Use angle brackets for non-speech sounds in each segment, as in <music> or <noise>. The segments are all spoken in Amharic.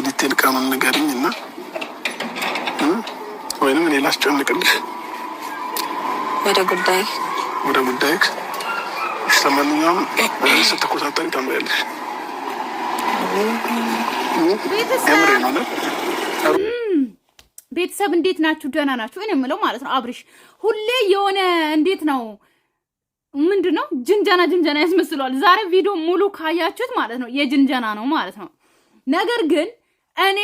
በዲቴል ቀኑን ንገሪኝ እና ወይንም እኔ ላስጨንቅልሽ። ወደ ጉዳይ ወደ ጉዳይ ስለማንኛውም ስትኮሳተሪ ታምሪያለሽ። ቤተሰብ እንዴት ናችሁ? ደህና ናችሁ? እኔ የምለው ማለት ነው አብርሽ ሁሌ የሆነ እንዴት ነው ምንድን ነው ጅንጀና ጅንጀና ያስመስለዋል። ዛሬ ቪዲዮ ሙሉ ካያችሁት ማለት ነው የጅንጀና ነው ማለት ነው። ነገር ግን እኔ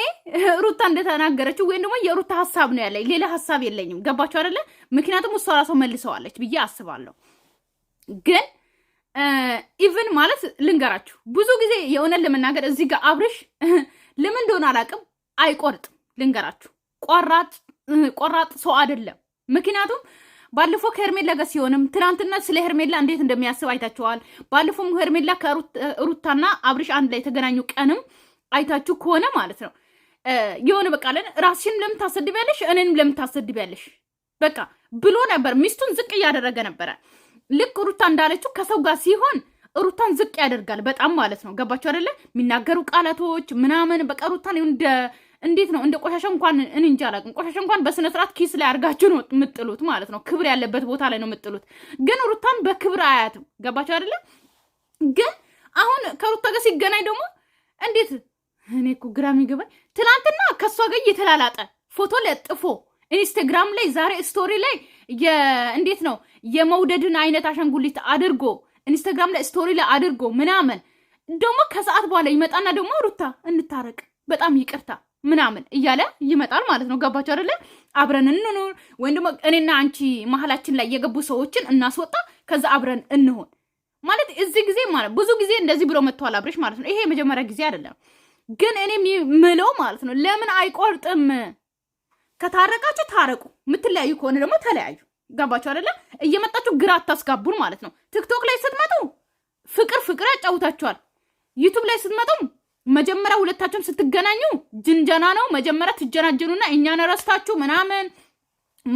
ሩታ እንደተናገረችው ወይም ደግሞ የሩታ ሀሳብ ነው ያለኝ፣ ሌላ ሀሳብ የለኝም። ገባችሁ አደለ? ምክንያቱም እሷ ራሷ መልሰዋለች ብዬ አስባለሁ። ግን ኢቭን ማለት ልንገራችሁ፣ ብዙ ጊዜ የእውነት ለመናገር እዚህ ጋር አብርሽ <laughs> ለምን እንደሆነ አላቅም አይቆርጥም። ልንገራችሁ፣ ቆራጥ ሰው አይደለም። ምክንያቱም ባለፈው ከሄርሜላ ጋር ሲሆንም ትናንትና ስለ ሄርሜላ እንዴት እንደሚያስብ አይታችኋል። ባለፈውም ሄርሜላ ከሩታና አብርሽ አንድ ላይ የተገናኙ ቀንም አይታችሁ ከሆነ ማለት ነው የሆነ በቃ ለን ራስሽን ለምን ታሰድቢያለሽ፣ እኔንም ለምን ታሰድቢያለሽ በቃ ብሎ ነበር። ሚስቱን ዝቅ እያደረገ ነበረ። ልክ ሩታ እንዳለችው ከሰው ጋር ሲሆን ሩታን ዝቅ ያደርጋል በጣም ማለት ነው። ገባችሁ አደለ? የሚናገሩ ቃላቶች ምናምን በቃ ሩታን እንደ እንዴት ነው እንደ ቆሻሻ እንኳን እንንጃ አላውቅም። ቆሻሻ እንኳን በስነ ስርዓት ኪስ ላይ አድርጋችሁ ነው የምጥሉት ማለት ነው። ክብር ያለበት ቦታ ላይ ነው የምጥሉት። ግን ሩታን በክብር አያትም። ገባችሁ አደለ? ግን አሁን ከሩታ ጋር ሲገናኝ ደግሞ እንዴት እኔ እኮ ግራ የሚገባኝ ትናንትና ከእሷ ጋር እየተላላጠ ፎቶ ለጥፎ ኢንስታግራም ላይ ዛሬ ስቶሪ ላይ እንዴት ነው የመውደድን አይነት አሻንጉሊት አድርጎ ኢንስታግራም ላይ ስቶሪ ላይ አድርጎ ምናምን ደግሞ ከሰዓት በኋላ ይመጣና ደግሞ ሩታ እንታረቅ፣ በጣም ይቅርታ ምናምን እያለ ይመጣል ማለት ነው። ገባቸው አይደለ? አብረን እንኑር ወይም ደግሞ እኔና አንቺ መሀላችን ላይ የገቡ ሰዎችን እናስወጣ፣ ከዛ አብረን እንሆን ማለት እዚህ ጊዜ ማለት ብዙ ጊዜ እንደዚህ ብሎ መጥተዋል አብሬሽ ማለት ነው። ይሄ የመጀመሪያ ጊዜ አይደለም። ግን እኔ ምለው ማለት ነው ለምን አይቆርጥም? ከታረቃችሁ ታረቁ፣ የምትለያዩ ከሆነ ደግሞ ተለያዩ። ገባችሁ አደለ? እየመጣችሁ ግራ አታስጋቡን ማለት ነው። ቲክቶክ ላይ ስትመጡ ፍቅር ፍቅር ያጫውታችኋል። ዩቱብ ላይ ስትመጡም መጀመሪያ ሁለታችሁም ስትገናኙ ጅንጀና ነው። መጀመሪያ ትጀናጀኑና እኛን ረስታችሁ ምናምን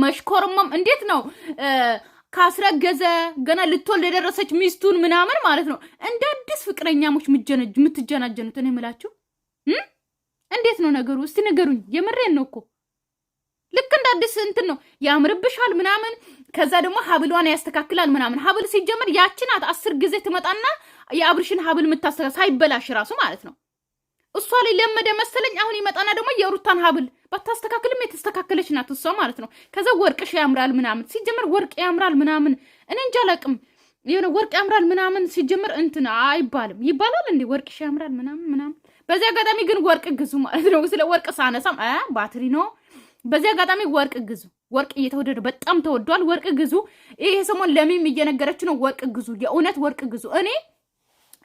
መሽኮርመም እንዴት ነው ካስረገዘ ገና ልትወልድ የደረሰች ሚስቱን ምናምን ማለት ነው እንደ አዲስ ፍቅረኛሞች የምትጀናጀኑት እኔ የምላችሁ እንዴት ነው ነገሩ? እስቲ ንገሩኝ። የምሬን ነው እኮ ልክ እንደ አዲስ እንትን ነው ያምርብሻል ምናምን፣ ከዛ ደግሞ ሀብሏን ያስተካክላል ምናምን። ሀብል ሲጀመር ያችን አስር ጊዜ ትመጣና የአብርሽን ሀብል የምታስተካ ሳይበላሽ ራሱ ማለት ነው። እሷ ላይ ለመደ መሰለኝ። አሁን ይመጣና ደግሞ የሩታን ሀብል ባታስተካክልም የተስተካከለች ናት እሷ ማለት ነው። ከዛ ወርቅሽ ያምራል ምናምን ሲጀምር ወርቅ ያምራል ምናምን፣ እኔ እንጃ አላቅም። የሆነ ወርቅ ያምራል ምናምን ሲጀምር እንትን አይባልም ይባላል እንዴ? ወርቅሽ ያምራል ምናምን ምናምን በዚህ አጋጣሚ ግን ወርቅ ግዙ ማለት ነው። ስለ ወርቅ ሳነሳም ባትሪ ነው። በዚህ አጋጣሚ ወርቅ ግዙ። ወርቅ እየተወደደ በጣም ተወዷል። ወርቅ ግዙ። ይሄ ሰሞን ለሚም እየነገረች ነው። ወርቅ ግዙ፣ የእውነት ወርቅ ግዙ። እኔ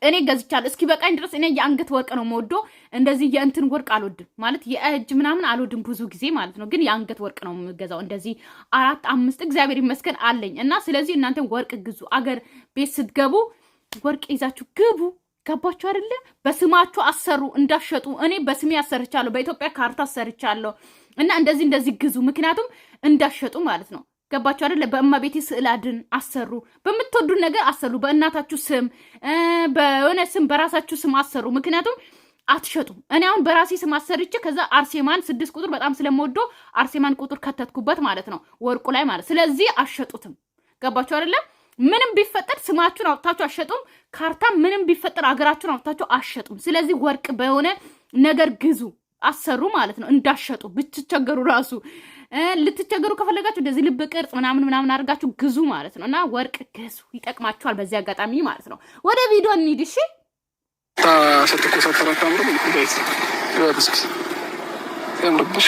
እኔ ገዝቻለሁ እስኪ በቃኝ ድረስ። እኔ የአንገት ወርቅ ነው መወዶ። እንደዚህ የእንትን ወርቅ አልወድም ማለት የእጅ ምናምን አልወድም ብዙ ጊዜ ማለት ነው። ግን የአንገት ወርቅ ነው የምገዛው። እንደዚህ አራት አምስት እግዚአብሔር ይመስገን አለኝ እና ስለዚህ እናንተ ወርቅ ግዙ። አገር ቤት ስትገቡ ወርቅ ይዛችሁ ግቡ። ገባችሁ አይደለ? በስማችሁ አሰሩ እንዳሸጡ። እኔ በስሜ አሰርቻለሁ፣ በኢትዮጵያ ካርታ አሰርቻለሁ እና እንደዚህ እንደዚህ ግዙ፣ ምክንያቱም እንዳሸጡ ማለት ነው። ገባችሁ አይደለ? በእመቤቴ ስዕል አድን አሰሩ፣ በምትወዱን ነገር አሰሩ፣ በእናታችሁ ስም፣ በሆነ ስም፣ በራሳችሁ ስም አሰሩ፣ ምክንያቱም አትሸጡም። እኔ አሁን በራሴ ስም አሰርቼ ከዛ አርሴማን ስድስት ቁጥር በጣም ስለምወዶ አርሴማን ቁጥር ከተትኩበት ማለት ነው፣ ወርቁ ላይ ማለት ስለዚህ አሸጡትም። ገባችሁ አይደለም? ምንም ቢፈጠር ስማችሁን አውጥታችሁ አሸጡም። ካርታ ምንም ቢፈጠር አገራችሁን አውጥታችሁ አሸጡም። ስለዚህ ወርቅ በሆነ ነገር ግዙ አሰሩ ማለት ነው። እንዳሸጡ ብትቸገሩ ራሱ ልትቸገሩ ከፈለጋችሁ እንደዚህ ልብ ቅርጽ ምናምን ምናምን አድርጋችሁ ግዙ ማለት ነው። እና ወርቅ ግዙ፣ ይጠቅማችኋል። በዚህ አጋጣሚ ማለት ነው። ወደ ቪዲዮ እንሂድ። እሺ ስትኮሳተራት ቤት ስ ብሽ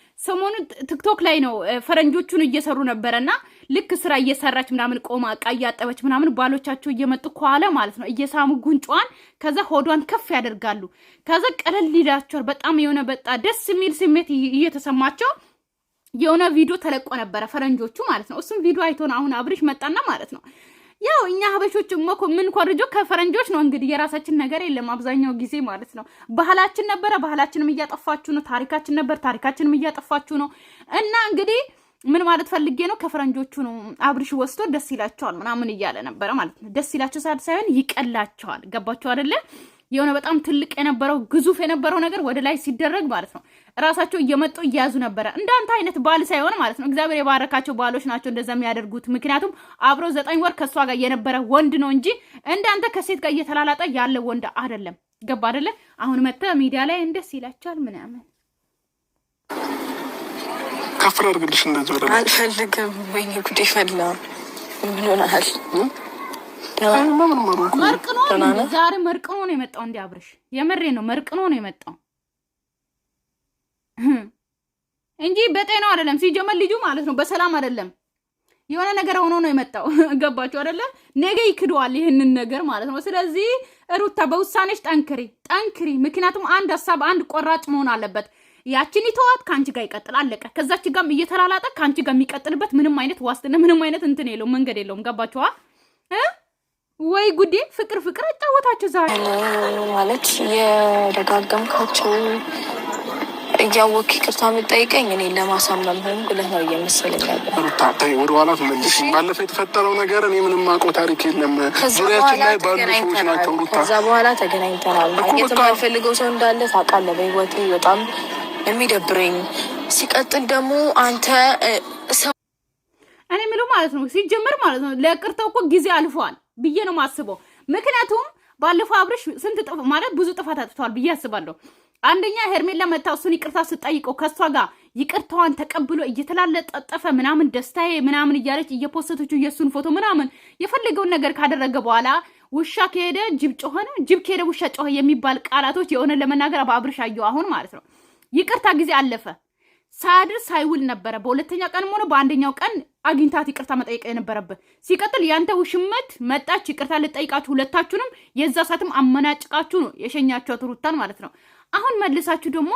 ሰሞኑ ቲክቶክ ላይ ነው ፈረንጆቹን እየሰሩ ነበረና ልክ ስራ እየሰራች ምናምን ቆማ እቃ እያጠበች ምናምን ባሎቻቸው እየመጡ ከኋለ ማለት ነው እየሳሙ ጉንጯን፣ ከዛ ሆዷን ከፍ ያደርጋሉ። ከዛ ቀለል ይላቸዋል። በጣም የሆነ በጣ ደስ የሚል ስሜት እየተሰማቸው የሆነ ቪዲዮ ተለቆ ነበረ ፈረንጆቹ ማለት ነው። እሱም ቪዲዮ አይቶን አሁን አብርሽ መጣና ማለት ነው ያው እኛ ሀበሾች እኮ ምን ኮርጆ ከፈረንጆች ነው እንግዲህ የራሳችን ነገር የለም። አብዛኛው ጊዜ ማለት ነው ባህላችን ነበረ፣ ባህላችንም እያጠፋችሁ ነው። ታሪካችን ነበር፣ ታሪካችንም እያጠፋችሁ ነው። እና እንግዲህ ምን ማለት ፈልጌ ነው ከፈረንጆቹ ነው አብርሽ ወስዶ ደስ ይላቸዋል ምናምን እያለ ነበረ ማለት ነው። ደስ ይላቸው ሳይሆን ይቀላቸዋል። ገባቸው አደለ? የሆነ በጣም ትልቅ የነበረው ግዙፍ የነበረው ነገር ወደ ላይ ሲደረግ ማለት ነው ራሳቸው እየመጡ እየያዙ ነበረ። እንዳንተ አይነት ባል ሳይሆን ማለት ነው። እግዚአብሔር የባረካቸው ባሎች ናቸው እንደዛ የሚያደርጉት። ምክንያቱም አብሮ ዘጠኝ ወር ከእሷ ጋር የነበረ ወንድ ነው እንጂ እንዳንተ ከሴት ጋር እየተላላጠ ያለ ወንድ አይደለም። ገባ አይደለ? አሁን መጠ ሚዲያ ላይ እንደስ ይላቸዋል ምናምን ከፍር አድርግልሽ አልፈልግም። ወይኔ ጉዴ ፈላ። ምን ሆናል? ዛሬ መርቅኖ ነው የመጣው። እንዲ አብረሽ የምሬ ነው መርቅኖ ነው የመጣው እንጂ በጤናው አይደለም። ሲጀመር ልጁ ማለት ነው በሰላም አይደለም። የሆነ ነገር ሆኖ ነው የመጣው። <laughs> ገባችሁ አይደለ? ነገ ይክደዋል ይህንን ነገር ማለት ነው። ስለዚህ ሩታ በውሳኔሽ ጠንክሪ ጠንክሪ። ምክንያቱም አንድ ሀሳብ አንድ ቆራጭ መሆን አለበት። ያችን ይተዋት ከአንቺ ጋር ይቀጥል፣ አለቀ። ከዛች ጋም እየተላላጠ ከአንቺ ጋር የሚቀጥልበት ምንም አይነት ዋስትና ምንም አይነት እንትን የለውም፣ መንገድ የለውም። ገባችኋ ወይ ጉዴ! ፍቅር ፍቅር አጫወታችሁ ዛሬ ማለት የደጋገምካቸው እያወቅ ይቅርታ የምጠይቀኝ እኔ ለማሳመም ሆን ብለህ ነው እየመሰለኝ ያለ ወደ ኋላ ትመልሽ። ባለፈ የተፈጠረው ነገር እኔ ምንም አውቀው ታሪክ የለም። ዙሪያችን ላይ ባሉ ሰዎች ናቸው። ሩታ ከዛ በኋላ ተገናኝተናል። የማልፈልገው ሰው እንዳለ ታውቃለህ። በህይወቴ በጣም የሚደብረኝ ሲቀጥል ደግሞ አንተ እኔ የምለው ማለት ነው ሲጀመር ማለት ነው ለቅርተው እኮ ጊዜ አልፏል ብዬ ነው የማስበው። ምክንያቱም ባለፈው አብረሽ ስንት ማለት ብዙ ጥፋት አጥቷል ብዬ አስባለሁ። አንደኛ ሄርሜላ መታ እሱን ይቅርታ ስጠይቀው ከእሷ ጋር ይቅርታዋን ተቀብሎ እየተላለጠጠፈ ምናምን ደስታዬ ምናምን እያለች እየፖሰተችው የእሱን ፎቶ ምናምን የፈለገውን ነገር ካደረገ በኋላ ውሻ ከሄደ ጅብ ጮኸ ነው፣ ጅብ ከሄደ ውሻ ጮኸ የሚባል ቃላቶች የሆነ ለመናገር በአብርሽ አየሁ አሁን ማለት ነው። ይቅርታ ጊዜ አለፈ ሳድር ሳይውል ነበረ። በሁለተኛ ቀንም ሆነ በአንደኛው ቀን አግኝታት ይቅርታ መጠየቅ የነበረብህ ሲቀጥል፣ ያንተ ውሽመት መጣች ይቅርታ ልጠይቃችሁ ሁለታችሁንም፣ የዛ ሰዓትም አመናጭቃችሁ ነው የሸኛችኋት ሩታን ማለት ነው። አሁን መልሳችሁ ደግሞ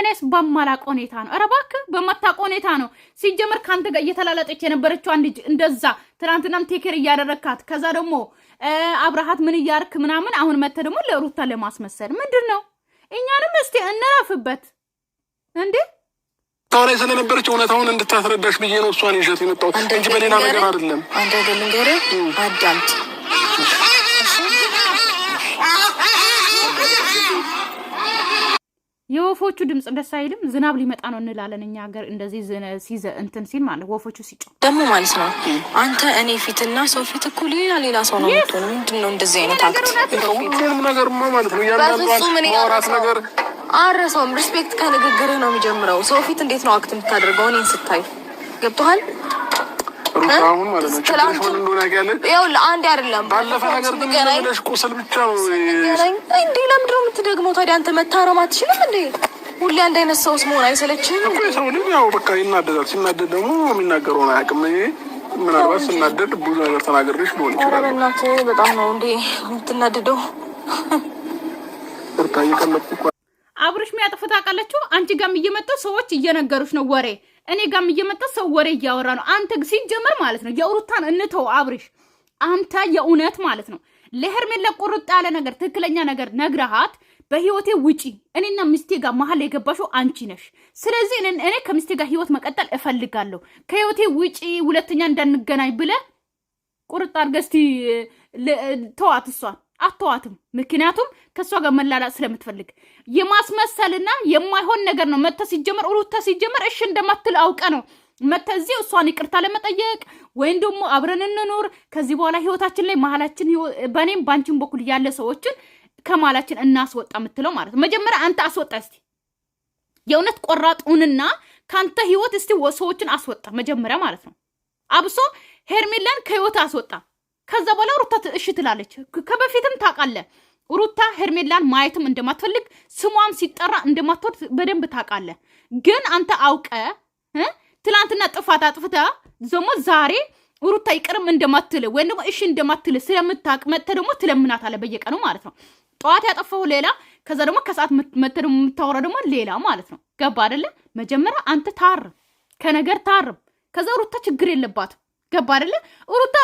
እኔስ በማላውቅ ሁኔታ ነው። ኧረ እባክህ በማታውቅ ሁኔታ ነው። ሲጀመር ከአንተ ጋር እየተላለጠች የነበረችው አንድ እንደዛ ትናንትናም ቴኬር እያደረግካት ከዛ ደግሞ አብረሃት ምን እያርክ ምናምን፣ አሁን መተህ ደግሞ ለሩታ ለማስመሰል ምንድን ነው? እኛንም እስቲ እንረፍበት እንዴ ታኔ ስለነበረች እውነታውን እንድታስረዳሽ ብዬ ነው እሷን ይዤት የመጣሁት እንጂ በሌላ ነገር አይደለም። አንተ ደልንገሬ አዳምጥ የወፎቹ ድምፅ ደስ አይልም? ዝናብ ሊመጣ ነው እንላለን እኛ ሀገር እንደዚህ ሲዘ እንትን ሲል ማለት ወፎቹ ሲጮ ደግሞ ማለት ነው። አንተ እኔ ፊትና ሰው ፊት እኮ ሌላ ሌላ ሰው ነው የምትሆነው። ምንድን ነው እንደዚህ አይነት አክት? ሁሉንም ነገር ማለት ነው እያንዳንዱ ማውራት ነገር አረሰውም። ሪስፔክት ከንግግርህ ነው የሚጀምረው። ሰው ፊት እንዴት ነው አክት የምታደርገው? እኔን ስታይ ገብቶሃል አሁን ማለት ነው ችግርሽ ምን የምትደግመው ታዲያ? አንተ መታረም አትችልም እንዴ? አንድ አይነት ሰውስ መሆን አይሰለችህም እኮ? የሰው ልጅ ያው ምናልባት ስናደድ ብዙ ነገር ተናገርሽ ሊሆን ይችላል። በጣም ነው እንዴ የምትናደደው? አብርሽ የሚያጥፉት ታውቃላችሁ። አንቺ ጋም እየመጣ ሰዎች እየነገሩሽ ነው ወሬ፣ እኔ ጋም እየመጣ ሰው ወሬ እያወራ ነው። አንተ ሲጀመር ማለት ነው የሩታን እንተው አብርሽ፣ አንተ የእውነት ማለት ነው ለሄርሜላ ቁርጥ ያለ ነገር ትክክለኛ ነገር ነግረሃት በህይወቴ ውጪ እኔና ሚስቴ ጋር መሀል የገባሽው አንቺ ነሽ። ስለዚህ እኔ ከሚስቴ ጋር ህይወት መቀጠል እፈልጋለሁ፣ ከህይወቴ ውጪ ሁለተኛ እንዳንገናኝ ብለ ቁርጥ አድርገህ እስቲ ተዋት እሷን አተዋትም። ምክንያቱም ከእሷ ጋር መላላጥ ስለምትፈልግ የማስመሰልና የማይሆን ነገር ነው። መተ ሲጀመር ሩተ ሲጀመር እሺ እንደማትል አውቀ ነው መተ እዚህ እሷን ይቅርታ ለመጠየቅ ወይም ደግሞ አብረን እንኖር ከዚህ በኋላ ህይወታችን ላይ መሀላችን በእኔም በአንቺን በኩል ያለ ሰዎችን ከመሀላችን እናስወጣ የምትለው ማለት ነው። መጀመሪያ አንተ አስወጣ እስቲ የእውነት ቆራጡንና ከአንተ ህይወት እስቲ ሰዎችን አስወጣ መጀመሪያ ማለት ነው። አብሶ ሄርሚላን ከህይወት አስወጣ። ከዛ በኋላ ሩታ እሺ ትላለች። ከበፊትም ታውቃለህ ሩታ ሄርሜላን ማየትም እንደማትፈልግ ስሟም ሲጠራ እንደማትወድ በደንብ ታውቃለህ። ግን አንተ አውቀ ትላንትና ጥፋት አጥፍታ ደግሞ ዛሬ ሩታ ይቅርም እንደማትል ወይም ደግሞ እሺ እንደማትል ስለምታውቅ መጥተህ ደግሞ አለ በየቀኑ ማለት ነው። ጠዋት ያጠፋው ሌላ፣ ከዛ ደግሞ ከሰዓት መጥተህ ደግሞ የምታወራው ደግሞ ሌላ ማለት ነው። ገባ አደለ? መጀመሪያ አንተ ታርም፣ ከነገር ታርም። ከዛ ሩታ ችግር የለባትም። ገባ አደለ? ሩታ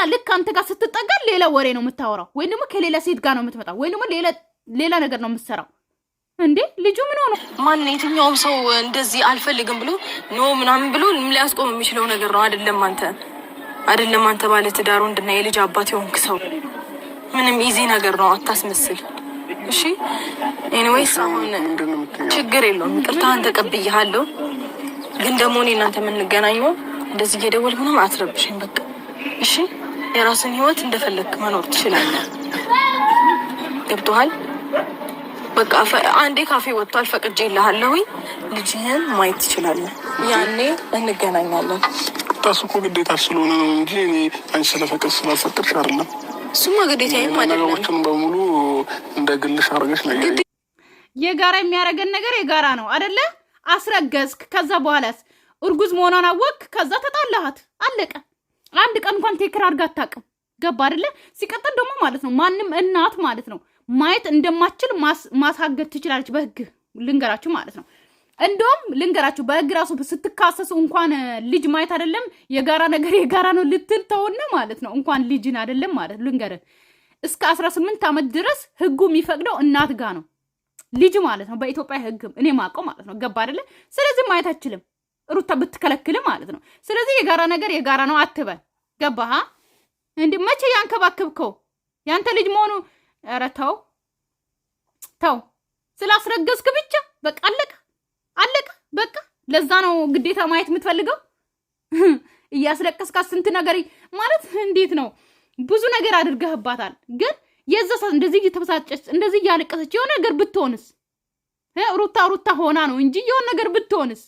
በኋላ ልክ አንተ ጋር ስትጠጋ ሌላ ወሬ ነው የምታወራው፣ ወይም ደግሞ ከሌላ ሴት ጋር ነው የምትመጣው፣ ወይም ደግሞ ሌላ ነገር ነው የምትሰራው። እንዴ ልጁ ምን ሆነ? ማን የትኛውም ሰው እንደዚህ አልፈልግም ብሎ ኖ ምናምን ብሎ ሊያስቆም የሚችለው ነገር ነው። አይደለም አንተ አይደለም አንተ ባለ ትዳር ወንድና የልጅ አባት የሆንክ ሰው ምንም ኢዚ ነገር ነው። አታስመስል። እሺ ኤኒዌይስ፣ አሁን ችግር የለውም። ይቅርታህን ተቀብያለሁ። ግን ደግሞ እኔ እናንተ የምንገናኘው እንደዚህ የደወል ምናምን አትረብሽኝ በቃ እሺ። የራስን ህይወት እንደፈለግክ መኖር ትችላለህ። ገብቶሃል? በቃ አንዴ ካፌ ወጥቷል፣ ፈቅጄ ይልሃለሁኝ። ልጅህን ማየት ትችላለህ። ያኔ እንገናኛለን። ታሱ እኮ ግዴታ ስለሆነ ነው እንጂ እኔ አንቺ ስለፈቅድ ስላልፈቅድሽ አይደለም። እሱማ ግዴታ ነገሮችን በሙሉ እንደ ግልሽ አድርገሽ ነ የጋራ የሚያደርገን ነገር የጋራ ነው አደለ? አስረገዝክ። ከዛ በኋላስ እርጉዝ መሆኗን አወቅክ። ከዛ ተጣላሃት። አለቀ። አንድ ቀን እንኳን ቴክር አድርጋ አታውቅም። ገባ አይደለ? ሲቀጥል ደግሞ ማለት ነው ማንም እናት ማለት ነው ማየት እንደማችል ማሳገድ ትችላለች። በህግ ልንገራችሁ ማለት ነው እንደውም ልንገራችሁ በህግ ራሱ ስትካሰሱ እንኳን ልጅ ማየት አይደለም የጋራ ነገር የጋራ ነው ልትል ተውነ ማለት ነው እንኳን ልጅን አይደለም ማለት ልንገርን እስከ አስራ ስምንት ዓመት ድረስ ህጉ የሚፈቅደው እናት ጋ ነው ልጅ ማለት ነው በኢትዮጵያ ህግም እኔ ማቀው ማለት ነው ገባ አይደለ? ስለዚህ ማየት አይችልም። ሩታ ብትከለክል ማለት ነው። ስለዚህ የጋራ ነገር የጋራ ነው አትበል። ገባህ እንዲ መቼ ያንከባክብከው ያንተ ልጅ መሆኑ። ኧረ ተው ተው፣ ስላስረገዝክ ብቻ በቃ አለቀ አለቀ በቃ። ለዛ ነው ግዴታ ማየት የምትፈልገው <laughs> እያስለቀስካት ስንት ነገር ማለት እንዴት ነው? ብዙ ነገር አድርገህባታል። ግን የዛ እንደዚህ እየተበሳጨች እንደዚህ እያለቀሰች የሆነ ነገር ብትሆንስ ሩታ ሩታ ሆና ነው እንጂ የሆነ ነገር ብትሆንስ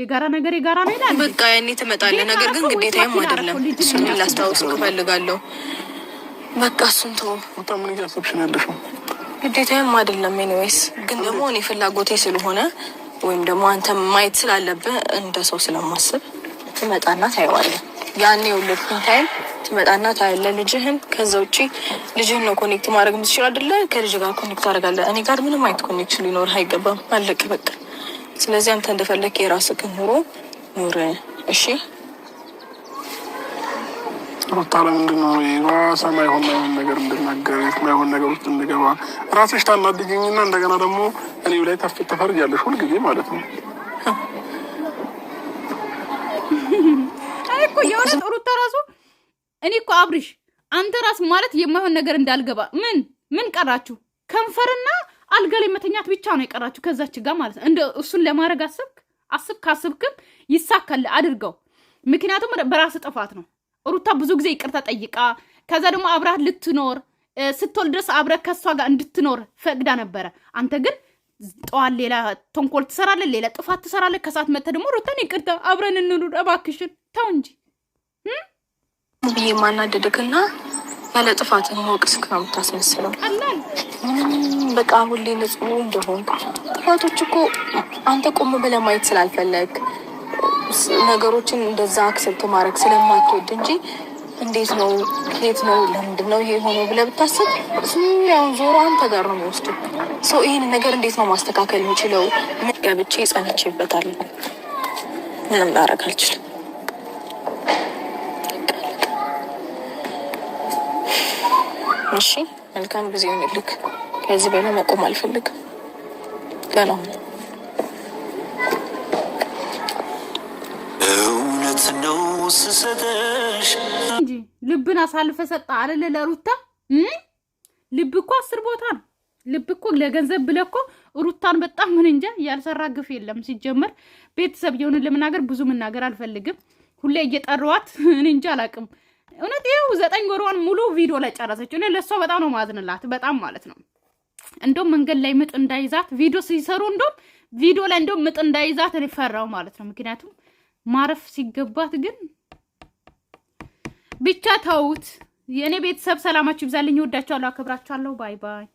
የጋራ ነገር የጋራ ነው ይላል። በቃ ያኔ ትመጣለህ። ነገር ግን ግዴታዬም አይደለም። እሱን ላስታውስ እፈልጋለሁ። በቃ እሱን ተው። ግዴታዬም አይደለም። ኤኒዌይስ ግን ደግሞ እኔ ፍላጎቴ ስለሆነ ወይም ደግሞ አንተ ማየት ስላለብህ እንደ ሰው ስለማስብ ትመጣና ታየዋለህ። ያኔ የወለድኩኝ ታይም ትመጣና ታያለ ልጅህን። ከዛ ውጭ ልጅህን ነው ኮኔክት ማድረግ የምትችል አይደለ? ከልጅ ጋር ኮኔክት ታደርጋለህ። እኔ ጋር ምንም አይነት ኮኔክሽን ሊኖርህ አይገባም። አለቅ በቃ ስለዚህ አንተ እንደፈለግ የራስህን ኑሮ ኑር። እሺ ሩታ ለምንድን ነው ራሳ ማይሆን ማይሆን ነገር እንድናገር ማይሆን ነገር ውስጥ እንድገባ ራስሽ ታናድጅኝና እንደገና ደግሞ እኔ ላይ ተፈርጃለሽ ሁልጊዜ ማለት ነው። እኮ የሆነ ሩታ ራሱ እኔ እኮ አብርሽ አንተ ራስ ማለት የማይሆን ነገር እንዳልገባ ምን ምን ቀራችሁ ከንፈርና አልጋ ላይ መተኛት ብቻ ነው የቀራችሁ ከዛች ጋር ማለት ነው። እንደ እሱን ለማድረግ አስብክ አስብ ካስብክም ይሳካል፣ አድርገው። ምክንያቱም በራስ ጥፋት ነው። ሩታ ብዙ ጊዜ ይቅርታ ጠይቃ ከዛ ደግሞ አብራት ልትኖር ስትወልድ ድረስ አብረህ ከእሷ ጋር እንድትኖር ፈቅዳ ነበረ። አንተ ግን ጠዋት ሌላ ተንኮል ትሰራለህ፣ ሌላ ጥፋት ትሰራለህ። ከሰዓት መጥተህ ደግሞ ሩታን ይቅርታ አብረን እንኑር እባክሽን፣ ተው እንጂ ብዬ ማናደድግና ያለ ጥፋት ስክ ነው የምታስመስለው። በቃ ሁሌ ንጹህ እንደሆን ጥፋቶች እኮ አንተ ቆም ብለህ ማየት ስላልፈለግ ነገሮችን እንደዛ አክሰብት ማድረግ ስለማትወድ እንጂ እንዴት ነው ከየት ነው ለምንድን ነው ይሄ ሆኖ ብለህ ብታስብ ዙሪያውን ዞሮ አንተ ጋር ነው የሚወስዱ። ሰው ይህን ነገር እንዴት ነው ማስተካከል የሚችለው? ገብቼ ጸንቼበታል። ምንም ላረግ አልችልም። እሺ መልካም ጊዜ ይሆንልክ። ከዚህ በላይ መቆም አልፈልግም። ሰላም እውነት ነው ስሰጠሽ እንጂ ልብን አሳልፈ ሰጣ አለለ ለሩታ ልብ እኮ አስር ቦታ ነው። ልብ እኮ ለገንዘብ ብለህ እኮ ሩታን በጣም ምን እንጃ ያልሰራ ግፍ የለም። ሲጀመር ቤተሰብ የሆነ ለመናገር ብዙ መናገር አልፈልግም። ሁሌ እየጠራዋት እኔ እንጃ አላውቅም። እውነት ይኸው ዘጠኝ ወሯን ሙሉ ቪዲዮ ላይ ጨረሰች። እኔ ለእሷ በጣም ነው ማዝንላት፣ በጣም ማለት ነው። እንደውም መንገድ ላይ ምጥ እንዳይዛት ቪዲዮ ሲሰሩ እንደውም ቪዲዮ ላይ እንደውም ምጥ እንዳይዛት እኔ ፈራው ማለት ነው። ምክንያቱም ማረፍ ሲገባት ግን ብቻ ተውት። የእኔ ቤተሰብ ሰላማችሁ ይብዛልኝ። እወዳችኋለሁ፣ አከብራችኋለሁ። ባይ ባይ